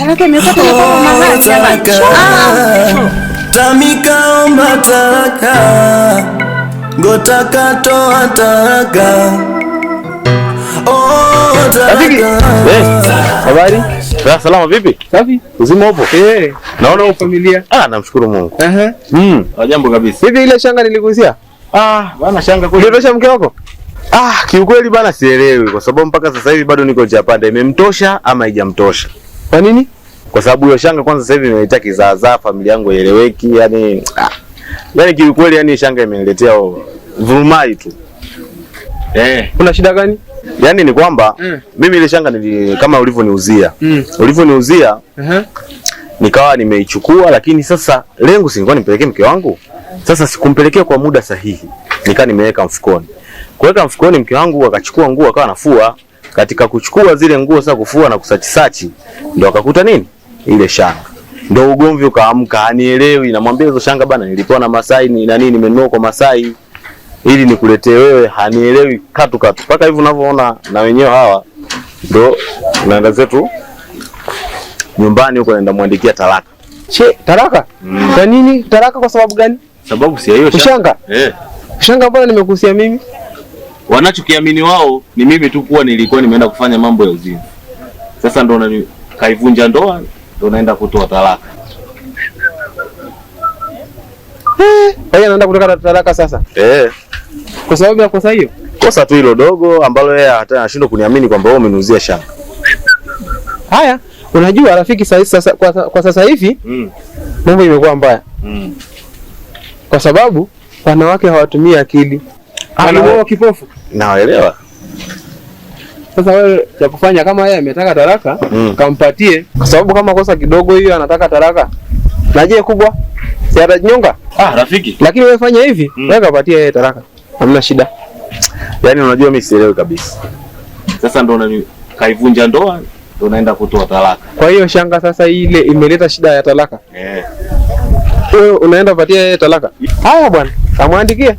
Talaka imekuwa kwa mahali sana. Tamika omba talaka. Ngotaka toa talaka. Oh, Eh, Habari? Salama vipi? Safi. Uzima upo? Eh. Naona upo familia. Ah, namshukuru Mungu. Eh eh. Mm, jambo kabisa. Hivi ile shanga nilikuuzia? Ah, bana shanga kule. Ndio mke wako? Ah, kiukweli bana sielewi kwa sababu mpaka sasa hivi bado niko Japanda. Imemtosha ama haijamtosha? Kwa nini? Kwa sababu hiyo shanga kwanza sasa hivi imeletea kizaazaa, familia yangu ieleweki, yani ah, yani kiukweli, yani shanga imeniletea vurumai tu. Eh, kuna shida gani? Yaani ni kwamba mm. mimi ile shanga nili, kama ulivyoniuzia mm. ulivyoniuzia uh -huh. nikawa nimeichukua, lakini sasa lengo si nilikuwa nimpelekee mke wangu. Sasa sikumpelekea kwa muda sahihi, nikaa nimeweka mfukoni. Kuweka mfukoni, mke wangu akachukua nguo akawa nafua katika kuchukua zile nguo sasa kufua na kusachisachi, ndo akakuta nini ile shanga, ndo ugomvi ukaamka. Anielewi, namwambia hizo shanga bana, nilipewa na Masai ni nani, nimenunua kwa Masai ili nikuletee wewe. Hanielewi katu katu, mpaka hivi unavyoona na wenyewe hawa ndo naenda zetu nyumbani huko, naenda mwandikia talaka. Che, talaka mm. Kwa nini talaka? Kwa sababu gani? Sababu si hiyo shanga, eh shanga, mbona nimekuhusia mimi wanachokiamini wao ni mimi tu kuwa nilikuwa nimeenda kufanya mambo ya uzinzi. Sasa ndo nani kaivunja ndoa ndo naenda kutoa talaka. Eh, yeye anaenda kutoka talaka sasa. Eh. Kwa sababu ya kosa hiyo. Kosa tu hilo dogo ambalo yeye hata anashindwa kuniamini kwamba wewe umeniuzia shamba. Haya, unajua rafiki sasa, sasa kwa, kwa sasa hivi mm. Mambo imekuwa mbaya. Mm. Kwa sababu wanawake hawatumii akili. Ana kipofu. Naelewa. Sasa wewe cha kufanya kama yeye ametaka taraka mm. kampatie, kwa sababu kama kosa kidogo hiyo anataka taraka na je kubwa si atanyonga? Ah, rafiki, lakini wewe fanya hivi mm. wewe kapatie yeye taraka, hamna shida. Yaani unajua mimi sielewi kabisa. Sasa ndo unani kaivunja ndoa ndo naenda kutoa talaka. Kwa hiyo shanga sasa ile imeleta shida ya talaka eh. Yeah. Wewe unaenda patia yeye talaka? Haya bwana, kamwandikia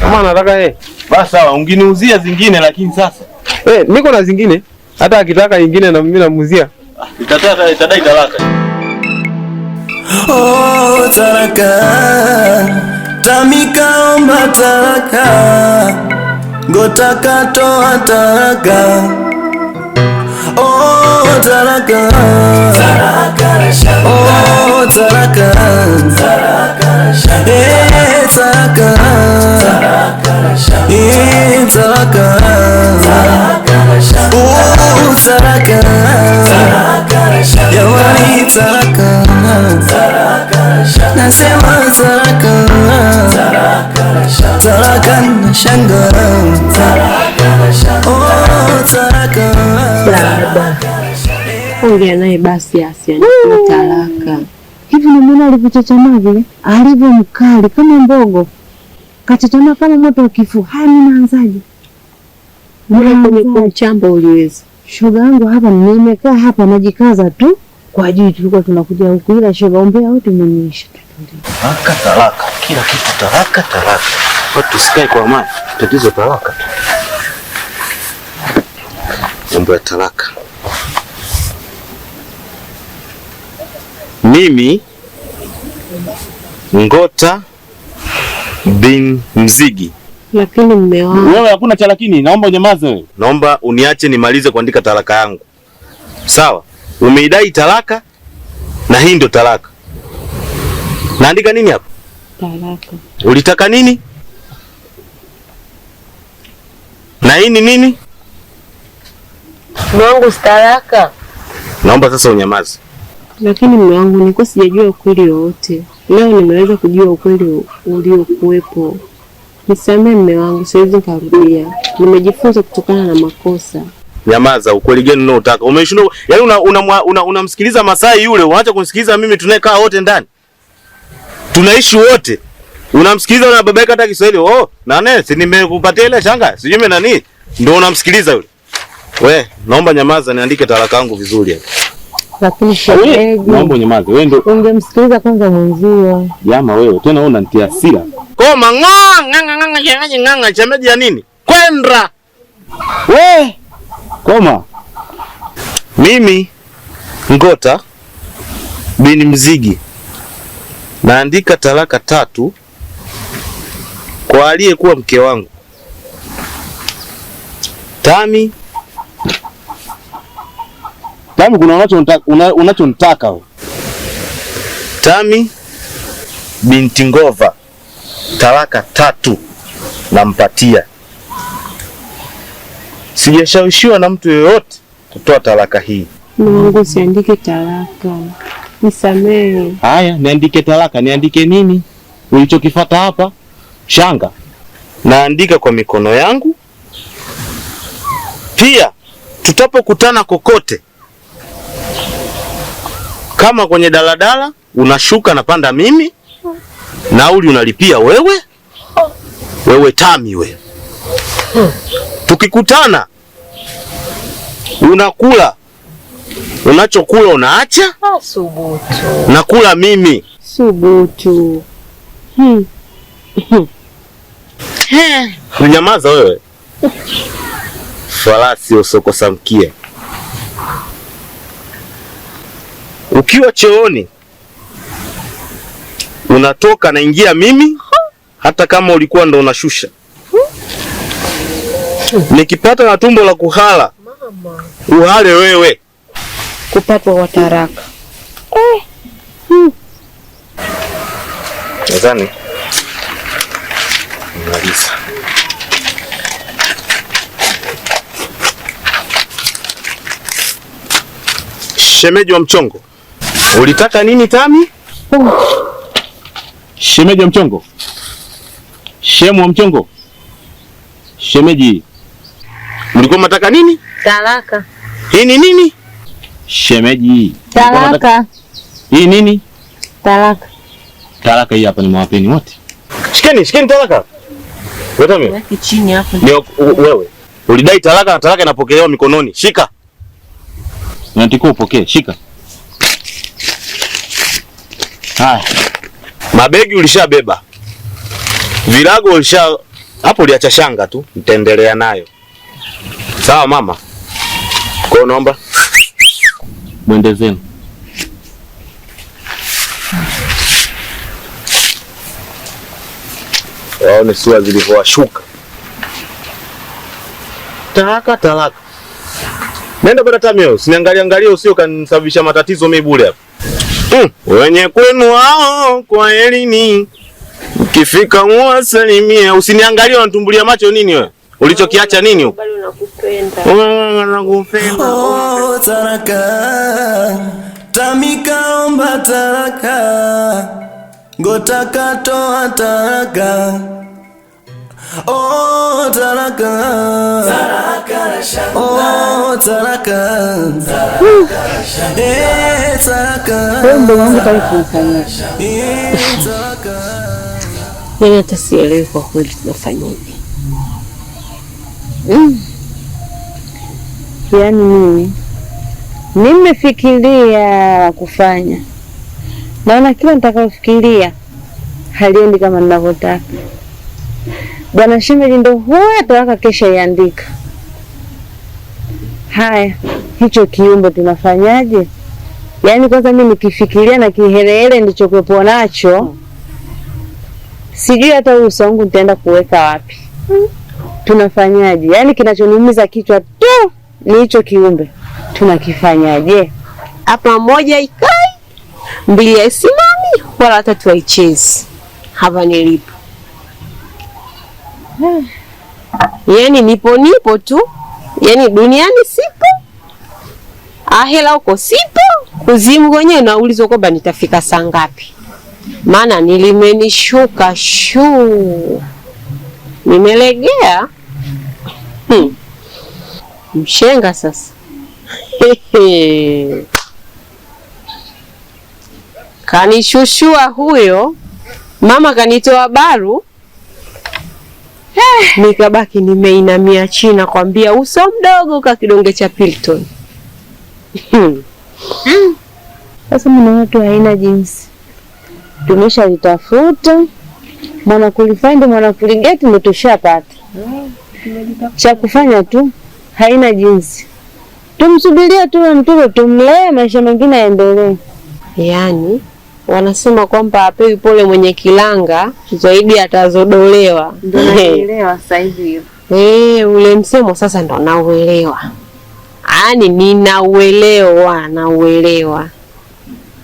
kama anataka yeye Eh. Basi sawa, ungeniuzia zingine lakini sasa. Eh, niko na zingine. Hata akitaka nyingine na mimi namuzia. Itataka itadai talaka. Oh, talaka. Tamika omba talaka. Ngotaka toa talaka. Oh, talaka. Talaka. Oh, talaka. Talaka. Talaka talaka Ongea naye basi, asianipe talaka hivi nimeona alivyochachama vile, alivyo mkali kama mbogo, kachachama kama moto kifuani. Naanzaje mchamba uliweza? Shoga yangu hapa, nimekaa hapa najikaza tu kwa ajili tulikuwa tunakuja huku, ila shoga, ombea wote umeniisha. Talaka talaka, kila kitu talaka talaka, watu sikai kwa amani, tatizo talaka tu, mambo ya talaka Mimi Ngota bin Mzigi. Lakini mme wangu. Wewe hakuna cha lakini, naomba unyamaze wewe. Naomba uniache nimalize kuandika talaka yangu. Sawa? Umeidai talaka na hii ndio talaka. Naandika nini hapa? Talaka. Ulitaka nini? Na hii ni nini? Mwangu talaka. Naomba sasa unyamaze. Lakini mume wangu, nilikuwa sijajua ukweli wowote. Leo nimeweza kujua ukweli uliokuwepo. Nisamehe mume wangu, siwezi nikarudia. Nimejifunza kutokana na makosa. Nyamaza, ukweli gani unaotaka? Umeshindwa yaani, unamsikiliza una, una, una una Masai yule, unaacha kunisikiliza mimi. Tunaekaa wote ndani, tunaishi wote, unamsikiliza na baba yake hata Kiswahili. Oh, nane si nimekupatia ile shanga sijui mimi nani, ndio unamsikiliza yule. We, naomba nyamaza, niandike taraka yangu vizuri hapa lakini naomba unyamaze wewe, ndio ungemsikiliza kwanza mwenzio. Jama wewe tena, wewe unanitia hasira koma ng'ang'ang'ang'ang'ang'ang'ang'a chemeji ya nini kwenda we koma. Mimi Ngota bin Mzigi naandika talaka tatu kwa aliyekuwa mke wangu Tami Tami, kuna unachonitaka una, una Tami binti Ngova, talaka tatu nampatia. Sijashawishiwa na mtu yoyote kutoa talaka hii. Mungu, siandike talaka, nisamehe. Haya, niandike talaka. Niandike nini ulichokifata hapa shanga? Naandika kwa mikono yangu. Pia tutapokutana kokote kama kwenye daladala unashuka napanda mimi, nauli unalipia wewe, wewe Tami we. Tukikutana unakula unachokula unaacha, subutu. Nakula mimi subutu. Hmm. Nyamaza wewe, farasi usokosa Ukiwa cheoni unatoka naingia mimi, hata kama ulikuwa ndo unashusha. Nikipata na tumbo la kuhala uhale wewe, kupatwa wataraka eh. hmm. Nadhani shemeji wa mchongo Ulitaka nini Tami? Shemeji wa mchongo, shemu wa mchongo, shemeji, mlikuwa mnataka nini? Talaka. Hii ni nini? Shemeji, talaka. Hii nini? Talaka. Talaka hii hapa, ni mawapeni wote. Shikeni, shikeni talaka. Weta mimi. Chini hapo. Wewe ulidai talaka na talaka inapokelewa mikononi. Shika. Unatakiwa upokee. Shika. Haya. Mabegi ulishabeba. Virago ulisha hapo uliacha shanga tu, nitaendelea nayo. Sawa mama. Kwa naomba mwende zenu. Waone sura zilivyowashuka. Taraka taraka. Nenda bada tamio, siniangalia angalia usio kanisababisha matatizo mimi bure hapa. Mm. Wenye kwenu wao kwa elini ukifika uwasalimie, usiniangalie unatumbulia macho nini wewe? Ulichokiacha nini huko? Nakupenda. Oh, taraka tamika, omba taraka, ngotaka toa taraka. Oh, taraka, taraka la shamba. Eh, mdogo wangu pale tunafanya yani, hata sielewi kwa kweli tunafanyaje. Mm. Yaani mimi nimefikiria kufanya, naona kila nitakayofikiria haliendi kama ninavyotaka. Bwana shemeji ndo huwa atawaka kesha iandika Haya, hicho kiumbe tunafanyaje? Yaani kwanza mimi nikifikiria na kiherehere ndicho kuwepo nacho, sijui hata huu uso wangu nitaenda kuweka wapi. Tunafanyaje? Yaani kinachoniumiza kichwa tu ni hicho kiumbe, tunakifanyaje? Hapa moja ikai, mbili haisimami, wala hata tuwaichezi hapa nilipo, ah. yaani nipo nipo tu yaani duniani sipo, ahela huko sipo, kuzimu wenyewe naulizwa kwamba nitafika saa ngapi, maana nilimenishuka shuu, nimelegea hmm. Mshenga sasa kanishushua huyo mama, kanitoa baru Nikabaki nimeinamia chini nakwambia uso mdogo ka kidonge cha Pilton. Hmm. Hmm. Sasa mwana watu haina jinsi, tumesha litafuta mwana kulifaindi mwana kuligeti ndio tushapata cha kufanya tu, haina jinsi, tumsubiria tu mtoto tumlee, maisha mengine yaendelee, yaani wanasema kwamba apewi pole mwenye kilanga, zaidi atazodolewa. E, ule msemo sasa ndo nauelewa, yaani ninauelewa, nauelewa,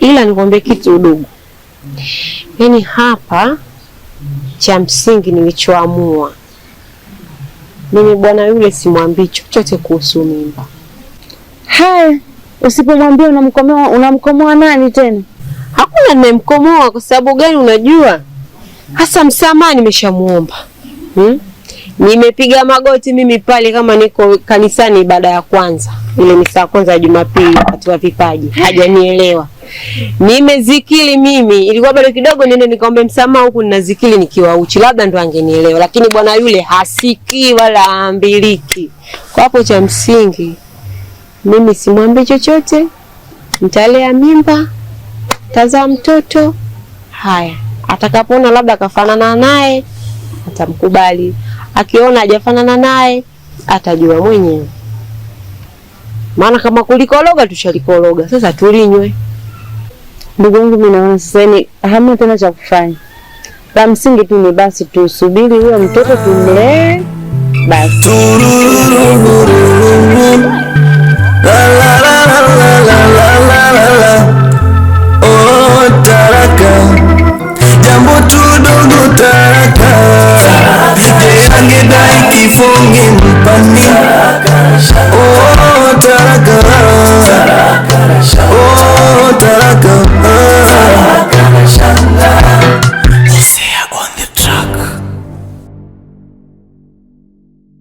ila nikwambie kitu udugu, yaani hapa cha msingi nilichoamua mimi bwana yule simwambii chochote kuhusu mimba. Haya, usipomwambia unamkomoa, unamkomoa nani tena? hakuna ninayemkomoa. Kwa sababu gani? Unajua hasa msamaha nimeshamuomba, hmm? Nimepiga magoti mimi pale, kama niko kanisani ibada ya kwanza, ile ni saa kwanza ya Jumapili, wakati wa vipaji hajanielewa. Nimezikili mimi, ilikuwa bado kidogo niende nikaombe msamaha, huku ninazikili nikiwa uchi, labda ndo angenielewa, lakini bwana yule hasikii wala ambiliki. Kwa hapo, cha msingi mimi simwambi chochote, nitalea mimba tazaa mtoto. Haya, atakapoona labda akafanana naye atamkubali, akiona hajafanana naye atajua mwenyewe, maana kama kulikoroga tushalikologa sasa tulinywe. Ndugu yangu, mimi naona sasa ni hamna tena cha kufanya, la msingi tu ni basi tusubiri huyo mtoto tumlee basi. singing